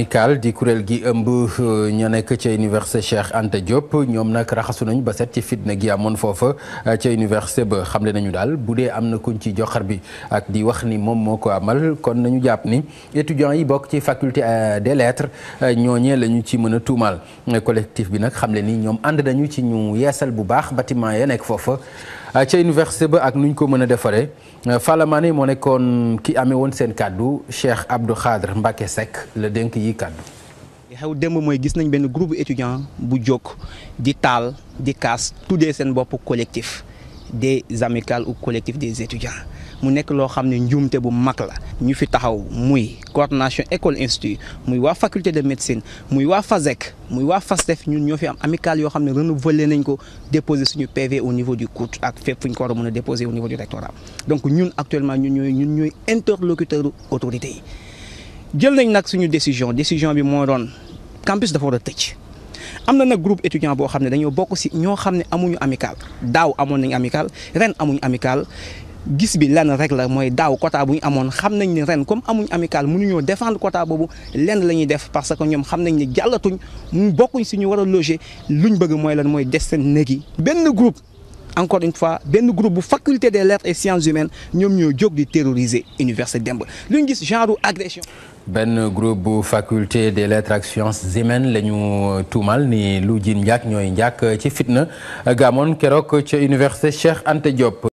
amicale di kuréel gi ëmb euh, ña nekk ca université Cheikh Anta Diop ñoom nag raxasu nañu ba set ci fitna gi amoon foofa euh, ca université ba xamle nañu daal bu dee am na kuñ ci joxar bi ak di wax ni moom moo ko amal kon nañu jàpp ni étudiants yi bokk ci faculté euh, des lettres ñooñee la ñu ci mën a tuumaal collectif bi nag xamle ni ñoom ànd nañu ci ñu yeesal bu baax bâtiment ya nekk foofa Euh, ca université ba ak nu ko mën a defaree euh, falamaan Mané moo nekkoon ki amee woon seen kàddu Cheikh Abdou Khadre Mbacké Seck la dénk yi kàddu li xew démb mooy gis nañ benn groupe étudiant bu jóg di taal di kaas dee seen boppu collectif des amicales ou collectif des étudiants mu nekk loo xam ne njuumte bu mag la ñu fi taxaw muy coordination école institut muy waa faculté de médecine muy waa FASEC muy waa FASTEF e ñun ñoo fi am amicale yoo xam ne renouvelé nañ ko déposer suñu PV au niveau du COUD ak fépp fu ko war a mën a déposer au niveau du rectorat ñun actuellement ñun ñooy ñun ñooy interlocuteur autorité jël nañ nag suñu décision décision bi moo doon campus dafa war a am na nag groupe étudiant boo xam ne dañoo bokk ci ñoo xam ne amuñu amicale daaw amoon nañ amicale ren amuñu amical gis bi lenn rek la mooy daaw quota bu ñu amoon xam nañ ne ren comme amuñ amical mënuñoo défendre quota boobu lenn la ñuy def parce que ñoom xam nañ ni jàllatuñ mu bokkuñ si ñu war loger luñ bëgg mooy lan mooy des seen néeg benn groupe encore une fois benn groupe bu faculté des lettres et sciences humaines ñoom ñoo jog di terroriser université Demba lu ñu gis genre agression. benn groupe bu faculté des lettres ak sciences humaines la ñu tuumal ni lu jiin njàkk ñooy njàkk ci fitna gaamoon keroog ca Cheikh Anta Diop.